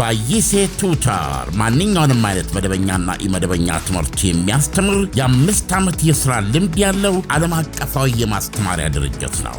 ባይሴ ቱተር ማንኛውንም አይነት መደበኛና ኢመደበኛ ትምህርት የሚያስተምር የአምስት ዓመት የሥራ ልምድ ያለው ዓለም አቀፋዊ የማስተማሪያ ድርጅት ነው።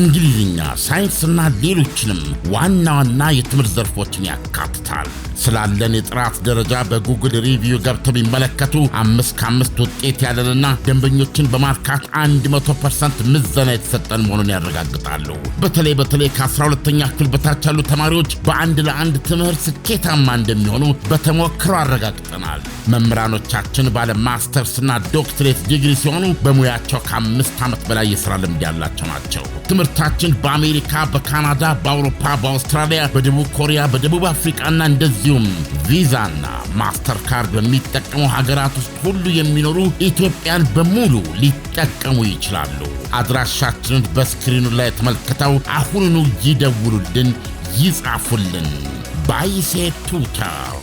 እንግሊዝኛ፣ ሳይንስና ሌሎችንም ዋና ዋና የትምህርት ዘርፎችን ያካትታል። ስላለን የጥራት ደረጃ በጉግል ሪቪው ገብተው ቢመለከቱ አምስት ከአምስት ውጤት ያለንና ደንበኞችን በማርካት 100 ፐርሰንት ምዘና የተሰጠን መሆኑን ያረጋግጣሉ። በተለይ በተለይ ከ12ተኛ ክፍል በታች ያሉ ተማሪዎች በአንድ ለአንድ ትምህርት ስኬታማ እንደሚሆኑ በተሞክሮ አረጋግጠናል። መምህራኖቻችን ባለ ማስተርስና ዶክትሬት ዲግሪ ሲሆኑ በሙያቸው ከአምስት ዓመት በላይ የሥራ ልምድ ያላቸው ናቸው። ምርታችን በአሜሪካ፣ በካናዳ፣ በአውሮፓ፣ በአውስትራሊያ፣ በደቡብ ኮሪያ፣ በደቡብ አፍሪቃና እንደዚሁም ቪዛና ማስተርካርድ በሚጠቀሙ ሀገራት ውስጥ ሁሉ የሚኖሩ ኢትዮጵያን በሙሉ ሊጠቀሙ ይችላሉ። አድራሻችንን በስክሪኑ ላይ ተመልክተው አሁኑኑ ይደውሉልን፣ ይጻፉልን። ባይሴ ቱተር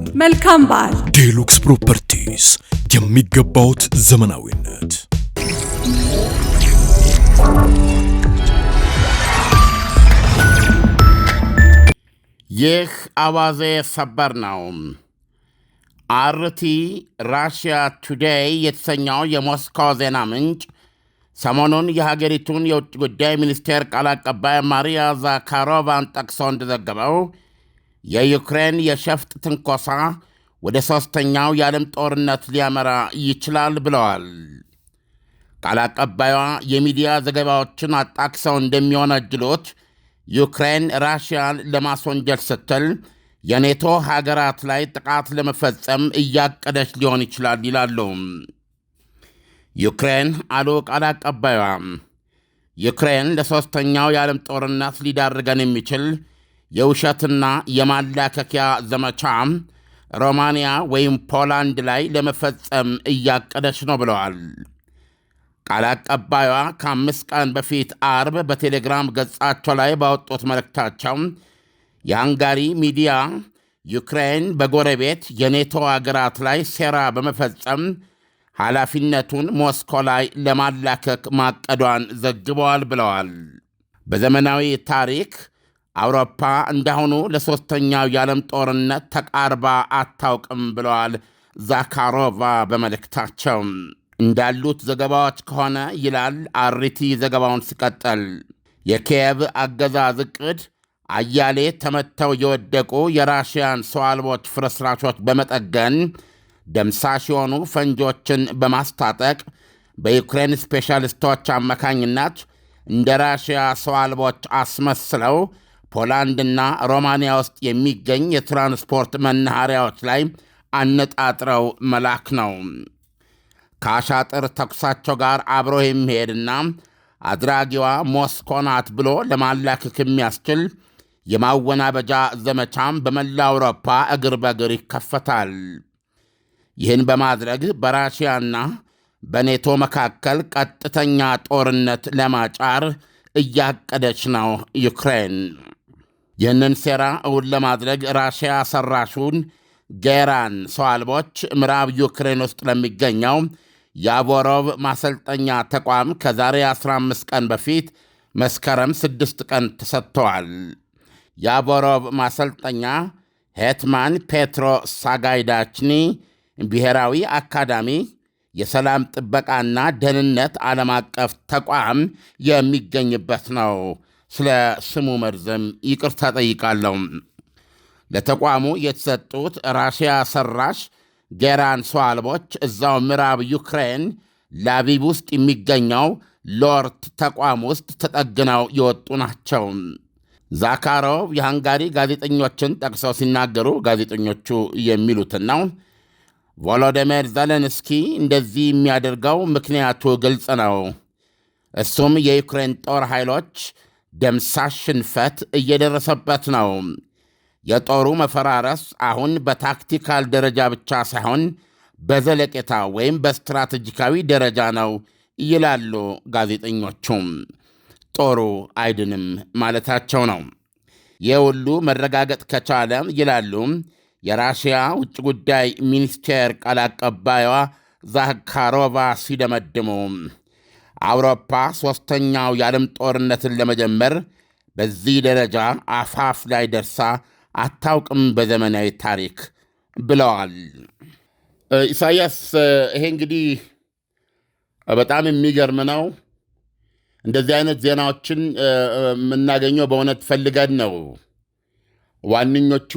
መልካም በዓል። ዴሉክስ ፕሮፐርቲስ የሚገባውት ዘመናዊነት ይህ አዋዜ ሰበር ነው። አርቲ ራሽያ ቱዴይ የተሰኘው የሞስኮ ዜና ምንጭ ሰሞኑን የሀገሪቱን የውጭ ጉዳይ ሚኒስቴር ቃል አቀባይ ማሪያ ዛካሮቫን ጠቅሶ እንደዘገበው የዩክሬን የሸፍጥ ትንኮሳ ወደ ሦስተኛው የዓለም ጦርነት ሊያመራ ይችላል ብለዋል። ቃል አቀባዩዋ የሚዲያ ዘገባዎችን አጣቅሰው እንደሚወነጅሉት ዩክሬን ራሽያን ለማስወንጀል ስትል የኔቶ ሀገራት ላይ ጥቃት ለመፈጸም እያቀደች ሊሆን ይችላል ይላሉ። ዩክሬን አሉ ቃል አቀባዩዋ፣ ዩክሬን ለሦስተኛው የዓለም ጦርነት ሊዳርገን የሚችል የውሸትና የማላከኪያ ዘመቻ ሮማንያ ወይም ፖላንድ ላይ ለመፈጸም እያቀደች ነው ብለዋል። ቃል አቀባዩዋ ከአምስት ቀን በፊት አርብ በቴሌግራም ገጻቸው ላይ ባወጡት መልእክታቸው የሃንጋሪ ሚዲያ ዩክሬን በጎረቤት የኔቶ አገራት ላይ ሴራ በመፈጸም ኃላፊነቱን ሞስኮ ላይ ለማላከክ ማቀዷን ዘግበዋል ብለዋል። በዘመናዊ ታሪክ አውሮፓ እንዳሁኑ ለሦስተኛው የዓለም ጦርነት ተቃርባ አታውቅም ብለዋል ዛካሮቫ በመልእክታቸው። እንዳሉት ዘገባዎች ከሆነ ይላል አሪቲ ዘገባውን ሲቀጥል፣ የኪየቭ አገዛዝ ዕቅድ አያሌ ተመተው የወደቁ የራሽያን ሰው አልቦች ፍርስራሾች በመጠገን ደምሳሽ የሆኑ ፈንጆችን በማስታጠቅ በዩክሬን ስፔሻሊስቶች አማካኝነት እንደ ራሽያ ሰው አልቦች አስመስለው ፖላንድና ሮማንያ ውስጥ የሚገኝ የትራንስፖርት መናኸሪያዎች ላይ አነጣጥረው መላክ ነው። ከአሻጥር ተኩሳቸው ጋር አብሮ የሚሄድና አድራጊዋ ሞስኮ ናት ብሎ ለማላከክ የሚያስችል የማወናበጃ ዘመቻም በመላ አውሮፓ እግር በእግር ይከፈታል። ይህን በማድረግ በራሽያና በኔቶ መካከል ቀጥተኛ ጦርነት ለማጫር እያቀደች ነው ዩክሬን። ይህንን ሴራ እውን ለማድረግ ራሽያ ሰራሹን ጌራን ሰው አልቦች ምዕራብ ዩክሬን ውስጥ ለሚገኘው የአቮሮቭ ማሰልጠኛ ተቋም ከዛሬ 15 ቀን በፊት መስከረም 6 ቀን ተሰጥተዋል። የአቮሮቭ ማሰልጠኛ ሄትማን ፔትሮ ሳጋይዳችኒ ብሔራዊ አካዳሚ የሰላም ጥበቃና ደህንነት ዓለም አቀፍ ተቋም የሚገኝበት ነው። ስለ ስሙ መርዘም ይቅርታ ጠይቃለሁ። ለተቋሙ የተሰጡት ራሽያ ሰራሽ ጌራን ሰው አልቦች እዛው ምዕራብ ዩክሬን ላቪቭ ውስጥ የሚገኘው ሎርት ተቋም ውስጥ ተጠግነው የወጡ ናቸው። ዛካሮቭ የሃንጋሪ ጋዜጠኞችን ጠቅሰው ሲናገሩ ጋዜጠኞቹ የሚሉትን ነው። ቮሎዲሚር ዘለንስኪ እንደዚህ የሚያደርገው ምክንያቱ ግልጽ ነው። እሱም የዩክሬን ጦር ኃይሎች ደምሳሽ ሽንፈት እየደረሰበት ነው። የጦሩ መፈራረስ አሁን በታክቲካል ደረጃ ብቻ ሳይሆን በዘለቄታ ወይም በስትራቴጂካዊ ደረጃ ነው ይላሉ ጋዜጠኞቹም። ጦሩ አይድንም ማለታቸው ነው። ይህ ሁሉ መረጋገጥ ከቻለ ይላሉ የራሽያ ውጭ ጉዳይ ሚኒስቴር ቃል አቀባይዋ ዛካሮቫ ሲደመድሙ አውሮፓ ሦስተኛው የዓለም ጦርነትን ለመጀመር በዚህ ደረጃ አፋፍ ላይ ደርሳ አታውቅም በዘመናዊ ታሪክ ብለዋል። ኢሳያስ ይሄ እንግዲህ በጣም የሚገርም ነው። እንደዚህ አይነት ዜናዎችን የምናገኘው በእውነት ፈልገን ነው። ዋነኞቹ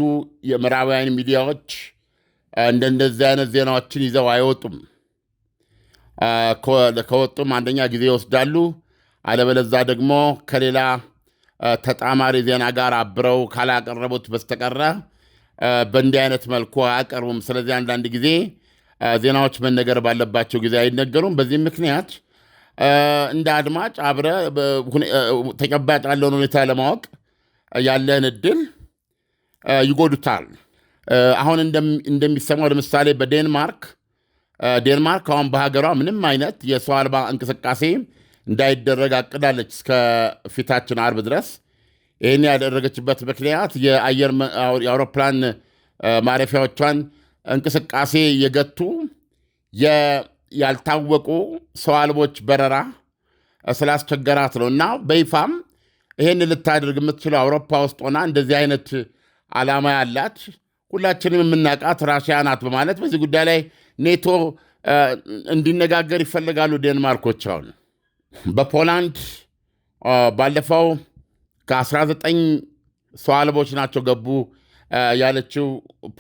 የምዕራባውያን ሚዲያዎች እንደዚህ አይነት ዜናዎችን ይዘው አይወጡም። ከወጡም አንደኛ ጊዜ ይወስዳሉ፣ አለበለዛ ደግሞ ከሌላ ተጣማሪ ዜና ጋር አብረው ካላቀረቡት በስተቀረ በእንዲህ አይነት መልኩ አያቀርቡም። ስለዚህ አንዳንድ ጊዜ ዜናዎች መነገር ባለባቸው ጊዜ አይነገሩም። በዚህም ምክንያት እንደ አድማጭ አብረ ተጨባጭ ያለውን ሁኔታ ለማወቅ ያለህን እድል ይጎዱታል። አሁን እንደሚሰማው ለምሳሌ በዴንማርክ ዴንማርክ አሁን በሀገሯ ምንም አይነት የሰው አልባ እንቅስቃሴ እንዳይደረግ አቅዳለች እስከ ፊታችን አርብ ድረስ። ይህን ያደረገችበት ምክንያት የአየር የአውሮፕላን ማረፊያዎቿን እንቅስቃሴ የገቱ ያልታወቁ ሰው አልቦች በረራ ስላስቸገራት ነው እና በይፋም ይህን ልታደርግ የምትችለው አውሮፓ ውስጥ ሆና እንደዚህ አይነት ዓላማ ያላት ሁላችንም የምናውቃት ራሽያ ናት በማለት በዚህ ጉዳይ ላይ ኔቶ እንዲነጋገር ይፈልጋሉ ዴንማርኮች። አሁን በፖላንድ ባለፈው ከ19 ሰው አልቦች ናቸው ገቡ ያለችው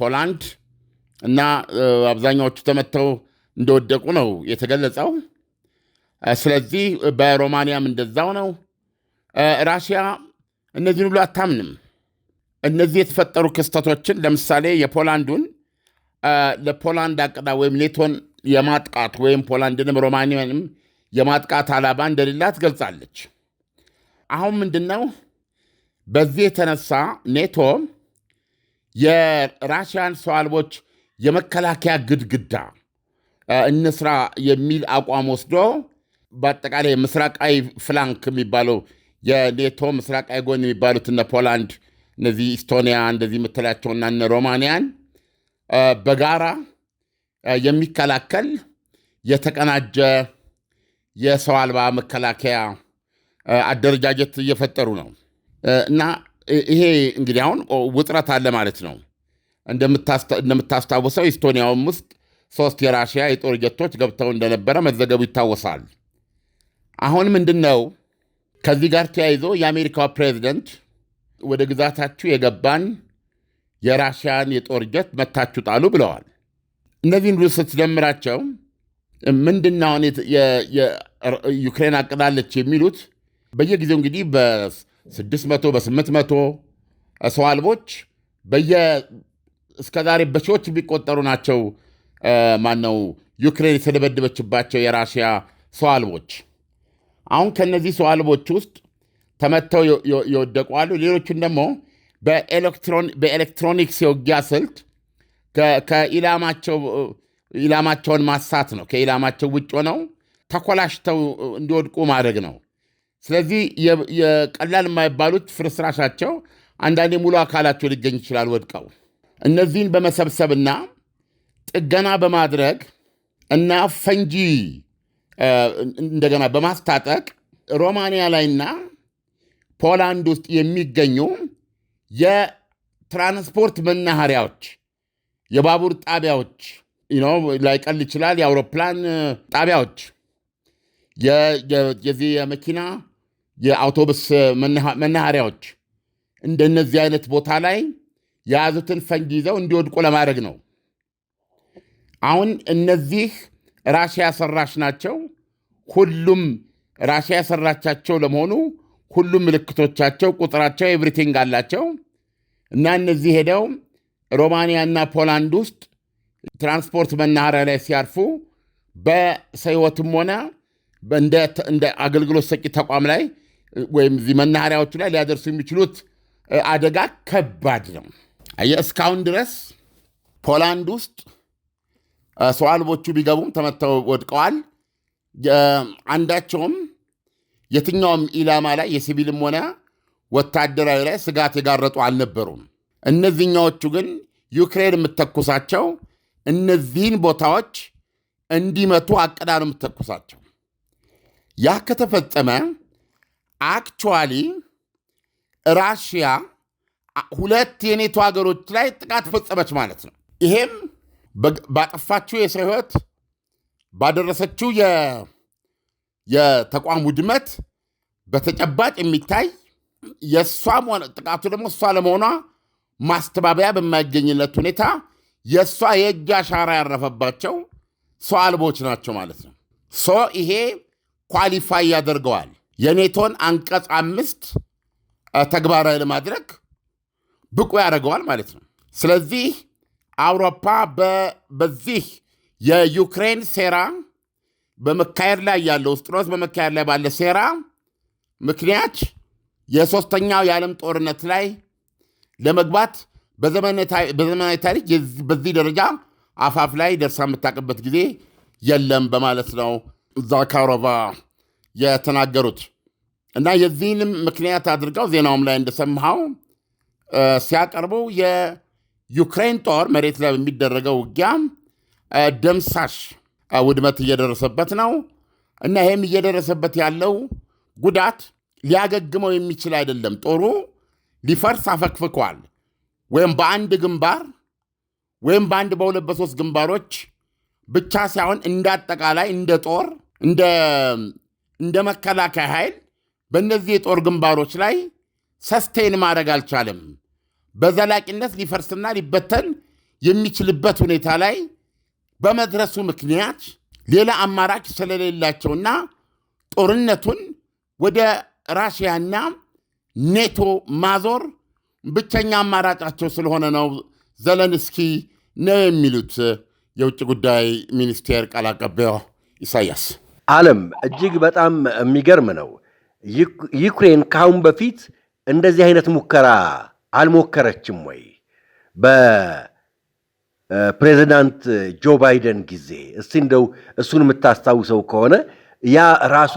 ፖላንድ እና አብዛኛዎቹ ተመተው እንደወደቁ ነው የተገለጸው። ስለዚህ በሮማንያም እንደዛው ነው። ራሽያ እነዚህን ሁሉ አታምንም። እነዚህ የተፈጠሩ ክስተቶችን ለምሳሌ የፖላንዱን ለፖላንድ አቅዳ ወይም ኔቶን የማጥቃት ወይም ፖላንድንም ሮማኒያንም የማጥቃት አላባ እንደሌላ ትገልጻለች። አሁን ምንድነው በዚህ የተነሳ ኔቶ የራሽያን ሰው አልቦች የመከላከያ ግድግዳ እንስራ የሚል አቋም ወስዶ በአጠቃላይ ምስራቃዊ ፍላንክ የሚባለው የኔቶ ምስራቃዊ ጎን የሚባሉት እነ ፖላንድ፣ እነዚህ ኢስቶኒያ እንደዚህ የምትላቸውና እነ ሮማንያን በጋራ የሚከላከል የተቀናጀ የሰው አልባ መከላከያ አደረጃጀት እየፈጠሩ ነው እና ይሄ እንግዲህ አሁን ውጥረት አለ ማለት ነው። እንደምታስታውሰው ኢስቶኒያውም ውስጥ ሶስት የራሽያ የጦር ጀቶች ገብተው እንደነበረ መዘገቡ ይታወሳል። አሁን ምንድን ነው ከዚህ ጋር ተያይዞ የአሜሪካው ፕሬዚደንት ወደ ግዛታችሁ የገባን የራሽያን የጦር ጀት መታችሁ ጣሉ ብለዋል። እነዚህን ሁሉ ስትደምራቸው ምንድን ነው አሁን ዩክሬን አቅዳለች የሚሉት በየጊዜው እንግዲህ በ600 በ800 ሰው አልቦች እስከዛሬ በሺዎች የሚቆጠሩ ናቸው። ማነው ዩክሬን የተደበደበችባቸው የራሽያ ሰው አልቦች። አሁን ከነዚህ ሰው አልቦች ውስጥ ተመተው የወደቁ አሉ። ሌሎችን ደግሞ በኤሌክትሮኒክስ የውጊያ ስልት ኢላማቸውን ማሳት ነው። ከኢላማቸው ውጭ ሆነው ተኮላሽተው እንዲወድቁ ማድረግ ነው። ስለዚህ የቀላል የማይባሉት ፍርስራሻቸው አንዳንዴ ሙሉ አካላቸው ሊገኝ ይችላል ወድቀው። እነዚህን በመሰብሰብና ጥገና በማድረግ እና ፈንጂ እንደገና በማስታጠቅ ሮማንያ ላይና ፖላንድ ውስጥ የሚገኙ የትራንስፖርት መናኸሪያዎች፣ የባቡር ጣቢያዎች ላይቀል ይችላል፣ የአውሮፕላን uh, ጣቢያዎች፣ የዚህ የመኪና የአውቶቡስ uh, መናኸሪያዎች እንደነዚህ አይነት ቦታ ላይ የያዙትን ፈንጂ ይዘው እንዲወድቁ ለማድረግ ነው። አሁን እነዚህ ራሽያ ሰራሽ ናቸው። ሁሉም ራሽያ ሰራቻቸው ለመሆኑ ሁሉም ምልክቶቻቸው፣ ቁጥራቸው፣ ኤቭሪቲንግ አላቸው እና እነዚህ ሄደው እና ፖላንድ ውስጥ ትራንስፖርት መናኸሪያ ላይ ሲያርፉ በሰይወትም ሆነ እንደ አገልግሎት ሰጪ ተቋም ላይ ወይም እዚህ መናኸሪያዎቹ ላይ ሊያደርሱ የሚችሉት አደጋ ከባድ ነው። እስካሁን ድረስ ፖላንድ ውስጥ ሰው አልቦቹ ቢገቡም ተመተው ወድቀዋል። አንዳቸውም የትኛውም ኢላማ ላይ የሲቪልም ሆነ ወታደራዊ ላይ ስጋት የጋረጡ አልነበሩም። እነዚህኛዎቹ ግን ዩክሬን የምትተኩሳቸው እነዚህን ቦታዎች እንዲመቱ አቅዳ ነው የምትተኩሳቸው። ያ ከተፈጸመ አክቹዋሊ ራሽያ ሁለት የኔቶ ሀገሮች ላይ ጥቃት ፈጸመች ማለት ነው። ይሄም ባጠፋችው የሰው ሕይወት ባደረሰችው የተቋም ውድመት በተጨባጭ የሚታይ የእሷም ጥቃቱ ደግሞ እሷ ለመሆኗ ማስተባበያ በማይገኝለት ሁኔታ የእሷ የእጅ አሻራ ያረፈባቸው ሰው አልቦች ናቸው ማለት ነው። ሶ ይሄ ኳሊፋይ ያደርገዋል የኔቶን አንቀጽ አምስት ተግባራዊ ለማድረግ ብቁ ያደርገዋል ማለት ነው። ስለዚህ አውሮፓ በዚህ የዩክሬን ሴራ በመካሄድ ላይ ያለው ውስጥሮስ በመካሄድ ላይ ባለ ሴራ ምክንያት የሶስተኛው የዓለም ጦርነት ላይ ለመግባት በዘመናዊ ታሪክ በዚህ ደረጃ አፋፍ ላይ ደርሳ የምታውቅበት ጊዜ የለም በማለት ነው ዛካሮቫ የተናገሩት እና የዚህንም ምክንያት አድርገው ዜናውም ላይ እንደሰማኸው ሲያቀርቡ የዩክሬን ጦር መሬት ላይ በሚደረገው ውጊያ ደምሳሽ ውድመት እየደረሰበት ነው እና ይህም እየደረሰበት ያለው ጉዳት ሊያገግመው የሚችል አይደለም። ጦሩ ሊፈርስ አፈክፍኳል። ወይም በአንድ ግንባር ወይም በአንድ በሁለት በሶስት ግንባሮች ብቻ ሳይሆን እንደ አጠቃላይ እንደ ጦር እንደ መከላከያ ኃይል በእነዚህ የጦር ግንባሮች ላይ ሰስቴን ማድረግ አልቻለም። በዘላቂነት ሊፈርስና ሊበተን የሚችልበት ሁኔታ ላይ በመድረሱ ምክንያት ሌላ አማራጭ ስለሌላቸውና ጦርነቱን ወደ ራሽያና ኔቶ ማዞር ብቸኛ አማራጫቸው ስለሆነ ነው ዘለንስኪ ነው የሚሉት የውጭ ጉዳይ ሚኒስቴር ቃል አቀባዩ ኢሳያስ አለም። እጅግ በጣም የሚገርም ነው። ዩክሬን ከአሁን በፊት እንደዚህ አይነት ሙከራ አልሞከረችም ወይ? ፕሬዚዳንት ጆ ባይደን ጊዜ እስቲ እንደው እሱን የምታስታውሰው ከሆነ ያ ራሱ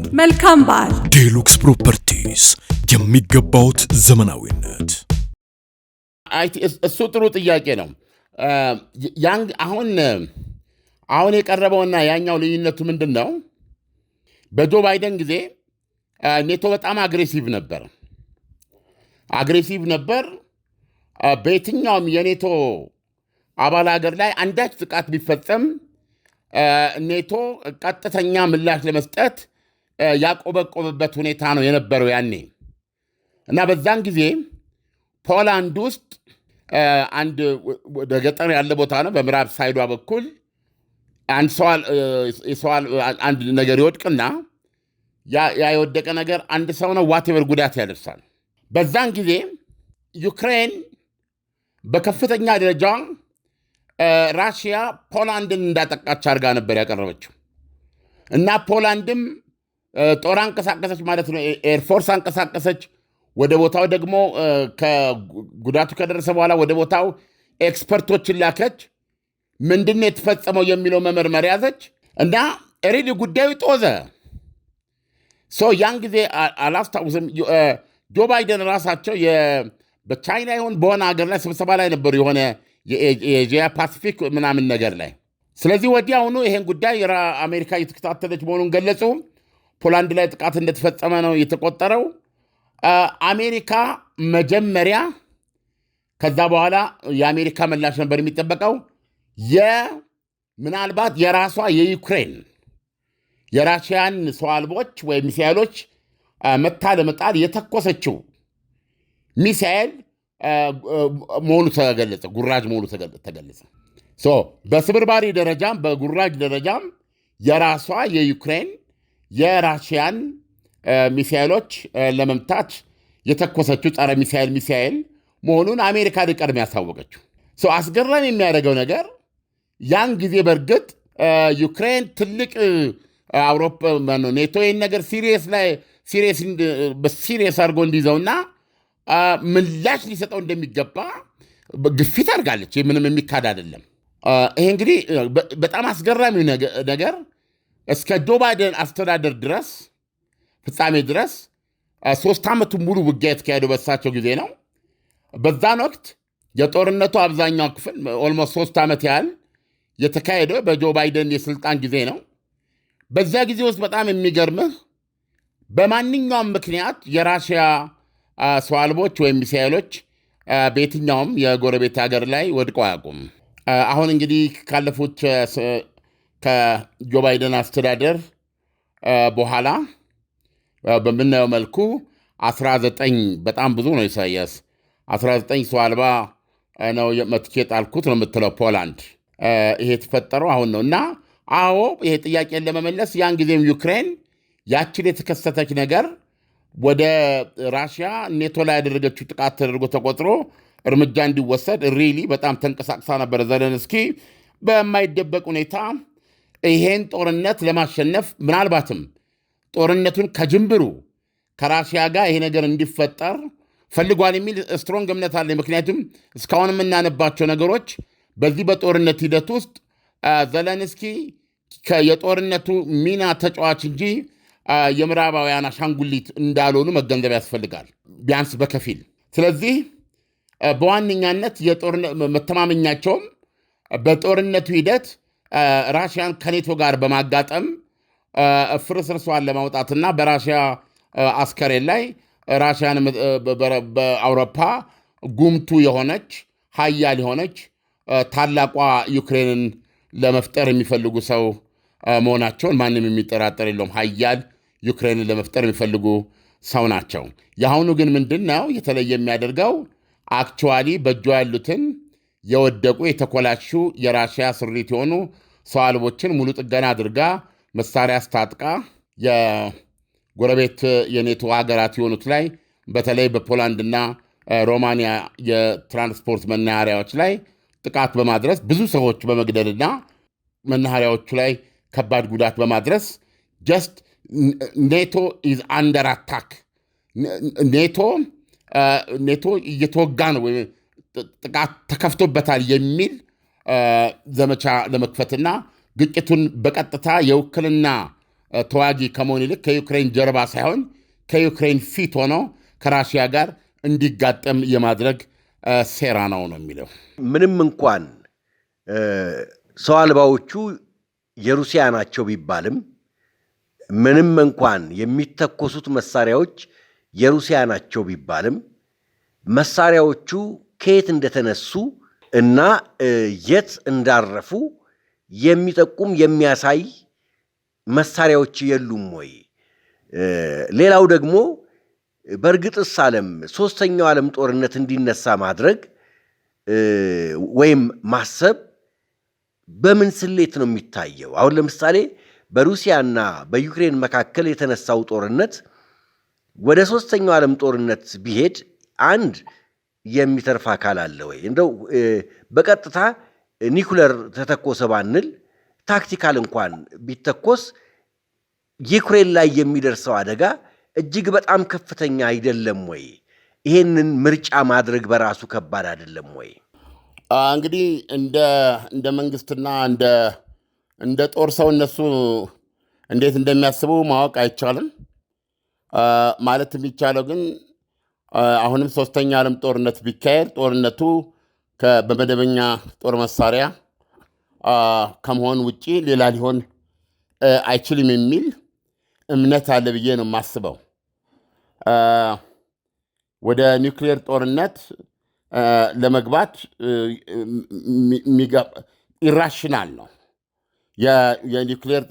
መልካም በዓል። ዴሉክስ ፕሮፐርቲስ የሚገባውት ዘመናዊነት። እሱ ጥሩ ጥያቄ ነው። አሁን አሁን የቀረበውና ያኛው ልዩነቱ ምንድን ነው? በጆ ባይደን ጊዜ ኔቶ በጣም አግሬሲቭ ነበር አግሬሲቭ ነበር። በየትኛውም የኔቶ አባል ሀገር ላይ አንዳች ጥቃት ቢፈጸም ኔቶ ቀጥተኛ ምላሽ ለመስጠት ያቆበቆበበት ሁኔታ ነው የነበረው ያኔ እና በዛን ጊዜ ፖላንድ ውስጥ አንድ ወደ ገጠር ያለ ቦታ ነው። በምዕራብ ሳይዷ በኩል አንድ ነገር ይወድቅና ያ የወደቀ ነገር አንድ ሰው ነው ዋቴቨር ጉዳት ያደርሳል። በዛን ጊዜ ዩክሬን በከፍተኛ ደረጃ ራሽያ ፖላንድን እንዳጠቃች አድርጋ ነበር ያቀረበችው እና ፖላንድም ጦር አንቀሳቀሰች ማለት ነው። ኤርፎርስ አንቀሳቀሰች። ወደ ቦታው ደግሞ ጉዳቱ ከደረሰ በኋላ ወደ ቦታው ኤክስፐርቶችን ላከች። ምንድነ የተፈጸመው የሚለው መመርመር ያዘች እና ሬዲ ጉዳዩ ጦዘ። ያን ጊዜ አላስታውስም። ጆ ባይደን ራሳቸው በቻይና ይሆን በሆነ ሀገር ላይ ስብሰባ ላይ ነበሩ፣ የሆነ የኤዥያ ፓሲፊክ ምናምን ነገር ላይ። ስለዚህ ወዲያውኑ ይሄን ጉዳይ አሜሪካ እየተከታተለች መሆኑን ገለጹ። ፖላንድ ላይ ጥቃት እንደተፈጸመ ነው የተቆጠረው። አሜሪካ መጀመሪያ፣ ከዛ በኋላ የአሜሪካ ምላሽ ነበር የሚጠበቀው። ምናልባት የራሷ የዩክሬን የራሽያን ሰው አልቦች ወይም ሚሳኤሎች መታ ለመጣል የተኮሰችው ሚሳኤል መሆኑ ተገለጸ፣ ጉራጅ መሆኑ ተገለጸ። በስብርባሪ ደረጃም በጉራጅ ደረጃም የራሷ የዩክሬን የራሽያን ሚሳይሎች ለመምታት የተኮሰችው ጸረ ሚሳይል ሚሳይል መሆኑን አሜሪካ ቀድማ ያሳወቀችው። አስገራሚ የሚያደርገው ነገር ያን ጊዜ በእርግጥ ዩክሬን ትልቅ አውሮፓ ኔቶ ይህን ነገር ሲሪየስ ላይ በሲሪየስ አድርጎ እንዲይዘውና ምላሽ ሊሰጠው እንደሚገባ ግፊት አድርጋለች። ምንም የሚካድ አይደለም። ይሄ እንግዲህ በጣም አስገራሚው ነገር እስከ ጆ ባይደን አስተዳደር ድረስ ፍጻሜ ድረስ ሶስት ዓመቱ ሙሉ ውጊያ የተካሄደው በሳቸው ጊዜ ነው። በዛን ወቅት የጦርነቱ አብዛኛው ክፍል ኦልሞስት ሶስት ዓመት ያህል የተካሄደ በጆ ባይደን የስልጣን ጊዜ ነው። በዚያ ጊዜ ውስጥ በጣም የሚገርምህ በማንኛውም ምክንያት የራሽያ ሰው አልቦች ወይም ሚሳይሎች በየትኛውም የጎረቤት ሀገር ላይ ወድቀው አያውቁም። አሁን እንግዲህ ካለፉት ከጆ ባይደን አስተዳደር በኋላ በምናየው መልኩ 19 በጣም ብዙ ነው። ኢሳያስ 19 ሰው አልባ ነው መትቼ ጣልኩት ነው የምትለው ፖላንድ። ይሄ የተፈጠረው አሁን ነው እና አዎ ይሄ ጥያቄን ለመመለስ ያን ጊዜም ዩክሬን ያችን የተከሰተች ነገር ወደ ራሽያ ኔቶ ላይ ያደረገችው ጥቃት ተደርጎ ተቆጥሮ እርምጃ እንዲወሰድ ሪሊ በጣም ተንቀሳቅሳ ነበረ ዘለንስኪ በማይደበቅ ሁኔታ ይሄን ጦርነት ለማሸነፍ ምናልባትም ጦርነቱን ከጅምብሩ ከራሽያ ጋር ይሄ ነገር እንዲፈጠር ፈልጓል የሚል ስትሮንግ እምነት አለ። ምክንያቱም እስካሁን የምናነባቸው ነገሮች በዚህ በጦርነት ሂደት ውስጥ ዘለንስኪ የጦርነቱ ሚና ተጫዋች እንጂ የምዕራባውያን አሻንጉሊት እንዳልሆኑ መገንዘብ ያስፈልጋል፣ ቢያንስ በከፊል። ስለዚህ በዋነኛነት መተማመኛቸውም በጦርነቱ ሂደት ራሽያን ከኔቶ ጋር በማጋጠም ፍርስርሷን ለማውጣትና በራሽያ አስከሬን ላይ ራሽያን በአውሮፓ ጉምቱ የሆነች ሀያል የሆነች ታላቋ ዩክሬንን ለመፍጠር የሚፈልጉ ሰው መሆናቸውን ማንም የሚጠራጠር የለውም። ሀያል ዩክሬንን ለመፍጠር የሚፈልጉ ሰው ናቸው። የአሁኑ ግን ምንድን ነው የተለየ የሚያደርገው? አክቹዋሊ በእጇ ያሉትን የወደቁ የተኮላሹ የራሽያ ስሪት የሆኑ ሰው አልቦችን ሙሉ ጥገና አድርጋ መሳሪያ አስታጥቃ የጎረቤት የኔቶ ሀገራት የሆኑት ላይ በተለይ በፖላንድና ሮማንያ የትራንስፖርት መናኸሪያዎች ላይ ጥቃት በማድረስ ብዙ ሰዎች በመግደልና መናኸሪያዎቹ ላይ ከባድ ጉዳት በማድረስ ጀስት ኔቶ ኢዝ አንደር አታክ ኔቶ ኔቶ እየተወጋ ነው ጥቃት ተከፍቶበታል የሚል ዘመቻ ለመክፈትና ግጭቱን በቀጥታ የውክልና ተዋጊ ከመሆን ይልቅ ከዩክሬን ጀርባ ሳይሆን ከዩክሬን ፊት ሆኖ ከራሽያ ጋር እንዲጋጠም የማድረግ ሴራ ነው ነው የሚለው። ምንም እንኳን ሰው አልባዎቹ የሩሲያ ናቸው ቢባልም ምንም እንኳን የሚተኮሱት መሳሪያዎች የሩሲያ ናቸው ቢባልም መሳሪያዎቹ ከየት እንደተነሱ እና የት እንዳረፉ የሚጠቁም የሚያሳይ መሳሪያዎች የሉም ወይ? ሌላው ደግሞ በእርግጥስ ዓለም ሶስተኛው ዓለም ጦርነት እንዲነሳ ማድረግ ወይም ማሰብ በምን ስሌት ነው የሚታየው? አሁን ለምሳሌ በሩሲያና በዩክሬን መካከል የተነሳው ጦርነት ወደ ሶስተኛው ዓለም ጦርነት ቢሄድ አንድ የሚተርፍ አካል አለ ወይ? እንደው በቀጥታ ኒኩለር ተተኮሰ ባንል ታክቲካል እንኳን ቢተኮስ ዩክሬን ላይ የሚደርሰው አደጋ እጅግ በጣም ከፍተኛ አይደለም ወይ? ይሄንን ምርጫ ማድረግ በራሱ ከባድ አይደለም ወይ? እንግዲህ እንደ መንግስትና እንደ ጦር ሰው እነሱ እንዴት እንደሚያስቡ ማወቅ አይቻልም። ማለት የሚቻለው ግን አሁንም ሶስተኛ ዓለም ጦርነት ቢካሄድ ጦርነቱ በመደበኛ ጦር መሳሪያ ከመሆን ውጭ ሌላ ሊሆን አይችልም የሚል እምነት አለ ብዬ ነው የማስበው። ወደ ኒውክሌር ጦርነት ለመግባት ኢራሽናል ነው። የኒውክሌር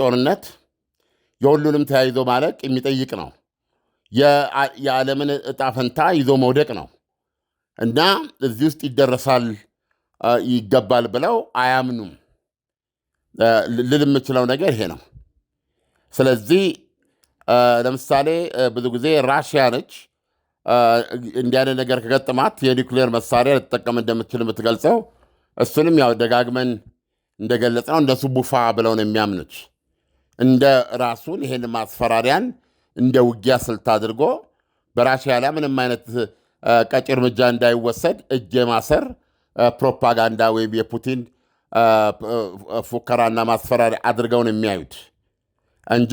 ጦርነት የሁሉንም ተያይዞ ማለቅ የሚጠይቅ ነው። የዓለምን እጣ ፈንታ ይዞ መውደቅ ነው እና እዚህ ውስጥ ይደረሳል ይገባል ብለው አያምኑም። ልል የምችለው ነገር ይሄ ነው። ስለዚህ ለምሳሌ ብዙ ጊዜ ራሽያ ነች እንዲያነ ነገር ከገጥማት የኒውክሌር መሳሪያ ልትጠቀም እንደምትችል የምትገልጸው እሱንም ያው ደጋግመን እንደገለጽ ነው። እንደ ቡፋ ብለው ነው የሚያምኑት እንደ ራሱን ይሄን ማስፈራሪያን እንደ ውጊያ ስልት አድርጎ በራሽያ ላይ ምንም አይነት ቀጭ እርምጃ እንዳይወሰድ እጅ የማሰር ፕሮፓጋንዳ ወይም የፑቲን ፉከራና ማስፈራሪያ አድርገውን የሚያዩት እንጂ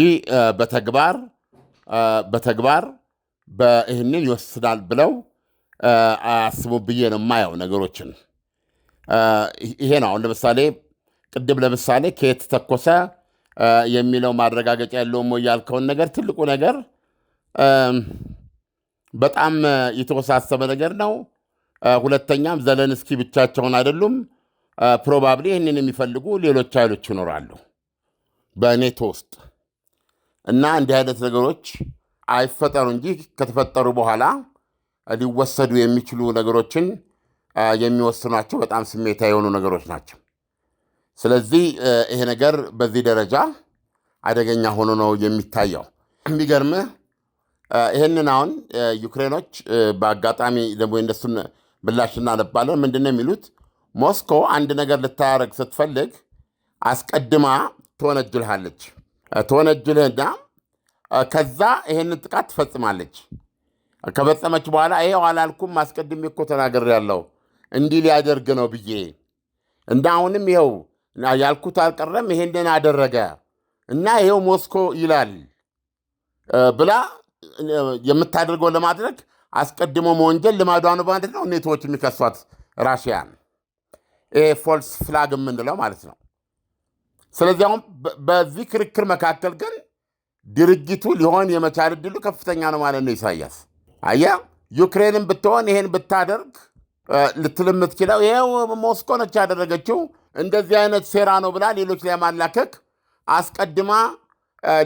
በተግባር በተግባር ይህንን ይወስዳል ብለው አስቡ ብዬ ነው የማየው ነገሮችን። ይሄ ነው አሁን ለምሳሌ ቅድም ለምሳሌ ከየት ተኮሰ የሚለው ማረጋገጫ የለውም ወይ ያልከውን ነገር ትልቁ ነገር በጣም የተወሳሰበ ነገር ነው። ሁለተኛም ዘለንስኪ ብቻቸውን አይደሉም። ፕሮባብሊ ይህንን የሚፈልጉ ሌሎች ኃይሎች ይኖራሉ በኔቶ ውስጥ እና እንዲህ አይነት ነገሮች አይፈጠሩ እንጂ ከተፈጠሩ በኋላ ሊወሰዱ የሚችሉ ነገሮችን የሚወስኗቸው በጣም ስሜታ የሆኑ ነገሮች ናቸው። ስለዚህ ይሄ ነገር በዚህ ደረጃ አደገኛ ሆኖ ነው የሚታየው። የሚገርምህ ይህንን አሁን ዩክሬኖች በአጋጣሚ ደግሞ እነሱን ምላሽ እናነባለን። ምንድን ነው የሚሉት? ሞስኮ አንድ ነገር ልታደርግ ስትፈልግ አስቀድማ ትወነጅልሃለች። ትወነጅልህና ከዛ ይህንን ጥቃት ትፈጽማለች። ከፈጸመች በኋላ ይሄው አላልኩም አስቀድሜ እኮ ያለው እንዲህ ሊያደርግ ነው ብዬ እና አሁንም ይኸው ያልኩት አልቀረም ይሄንን አደረገ እና ይሄው ሞስኮ ይላል ብላ የምታደርገው ለማድረግ አስቀድሞ መወንጀል ልማዷ ነው ማለት ነው። ኔቶዎች የሚከሷት ራሽያን ይሄ ፎልስ ፍላግ የምንለው ማለት ነው። ስለዚህ አሁን በዚህ ክርክር መካከል ግን ድርጊቱ ሊሆን የመቻል እድሉ ከፍተኛ ነው ማለት ነው። ኢሳያስ አያ ዩክሬንን ብትሆን ይሄን ብታደርግ ልትል የምትችለው ይሄው ሞስኮ ነች ያደረገችው እንደዚህ አይነት ሴራ ነው ብላ ሌሎች ላይ ማላከክ አስቀድማ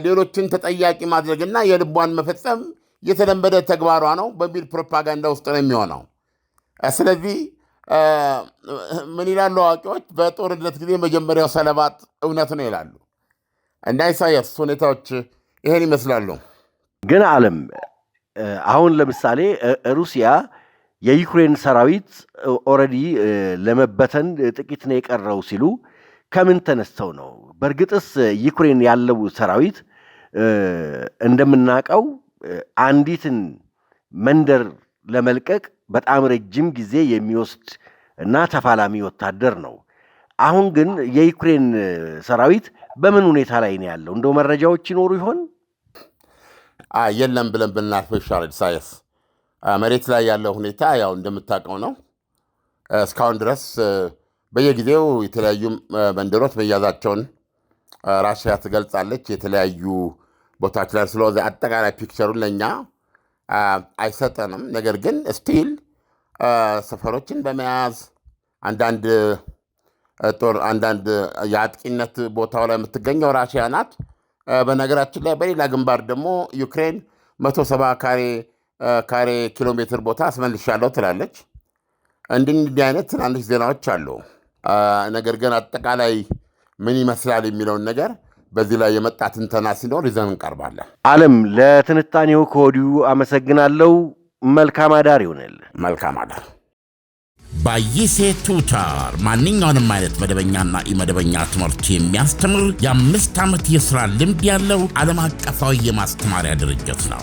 ሌሎችን ተጠያቂ ማድረግና የልቧን መፈጸም የተለመደ ተግባሯ ነው በሚል ፕሮፓጋንዳ ውስጥ ነው የሚሆነው። ስለዚህ ምን ይላሉ አዋቂዎች? በጦርነት ጊዜ መጀመሪያው ሰለባት እውነት ነው ይላሉ። እና ኢሳያስ ሁኔታዎች ይሄን ይመስላሉ። ግን አለም አሁን ለምሳሌ ሩሲያ የዩክሬን ሰራዊት ኦልሬዲ ለመበተን ጥቂት ነው የቀረው ሲሉ ከምን ተነስተው ነው? በእርግጥስ ዩክሬን ያለው ሰራዊት እንደምናውቀው አንዲትን መንደር ለመልቀቅ በጣም ረጅም ጊዜ የሚወስድ እና ተፋላሚ ወታደር ነው። አሁን ግን የዩክሬን ሰራዊት በምን ሁኔታ ላይ ነው ያለው? እንደው መረጃዎች ይኖሩ ይሆን? የለም ብለን ብናልፈው ይሻላል ኢሳያስ። መሬት ላይ ያለው ሁኔታ ያው እንደምታውቀው ነው። እስካሁን ድረስ በየጊዜው የተለያዩ መንደሮች መያዛቸውን ራሽያ ትገልጻለች። የተለያዩ ቦታዎች ላይ ስለዚ አጠቃላይ ፒክቸሩን ለእኛ አይሰጠንም። ነገር ግን ስቲል ሰፈሮችን በመያዝ አንዳንድ ጦር አንዳንድ የአጥቂነት ቦታው ላይ የምትገኘው ራሽያ ናት። በነገራችን ላይ በሌላ ግንባር ደግሞ ዩክሬን መቶ ሰባ ካሬ ካሬ ኪሎ ሜትር ቦታ አስመልሻለሁ ትላለች። እንዲህ እንዲህ አይነት ትናንሽ ዜናዎች አሉ። ነገር ግን አጠቃላይ ምን ይመስላል የሚለውን ነገር በዚህ ላይ የመጣ ትንተና ሲኖር ይዘን እንቀርባለን። አለም ለትንታኔው ከወዲሁ አመሰግናለሁ። መልካም አዳር ይሆንል። መልካም አዳር። ባይሴ ቱታር ማንኛውንም አይነት መደበኛና ኢመደበኛ ትምህርት የሚያስተምር የአምስት ዓመት የሥራ ልምድ ያለው ዓለም አቀፋዊ የማስተማሪያ ድርጅት ነው።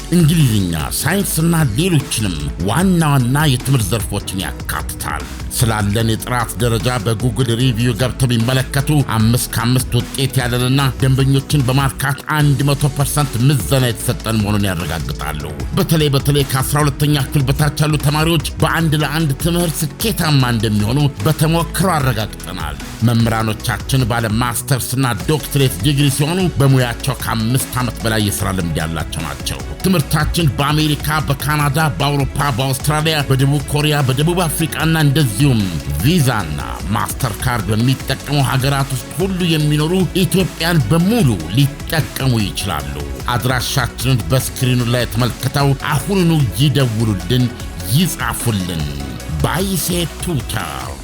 እንግሊዝኛ፣ ሳይንስና ሌሎችንም ዋና ዋና የትምህርት ዘርፎችን ያካትታል። ስላለን የጥራት ደረጃ በጉግል ሪቪው ገብተው ቢመለከቱ አምስት ከአምስት ውጤት ያለንና ደንበኞችን በማርካት 100 ፐርሰንት ምዘና የተሰጠን መሆኑን ያረጋግጣሉ። በተለይ በተለይ ከ12ተኛ ክፍል በታች ያሉ ተማሪዎች በአንድ ለአንድ ትምህርት ስኬታማ እንደሚሆኑ በተሞክሮ አረጋግጠናል። መምህራኖቻችን ባለ ማስተርስና ዶክትሬት ዲግሪ ሲሆኑ በሙያቸው ከአምስት ዓመት በላይ የሥራ ልምድ ያላቸው ናቸው። ምርታችን በአሜሪካ፣ በካናዳ፣ በአውሮፓ፣ በአውስትራሊያ፣ በደቡብ ኮሪያ፣ በደቡብ አፍሪቃና እንደዚሁም ቪዛና ማስተርካርድ በሚጠቀሙ ሀገራት ውስጥ ሁሉ የሚኖሩ ኢትዮጵያን በሙሉ ሊጠቀሙ ይችላሉ። አድራሻችንን በስክሪኑ ላይ ተመልክተው አሁኑኑ ይደውሉልን፣ ይጻፉልን። ባይሴ ቱተር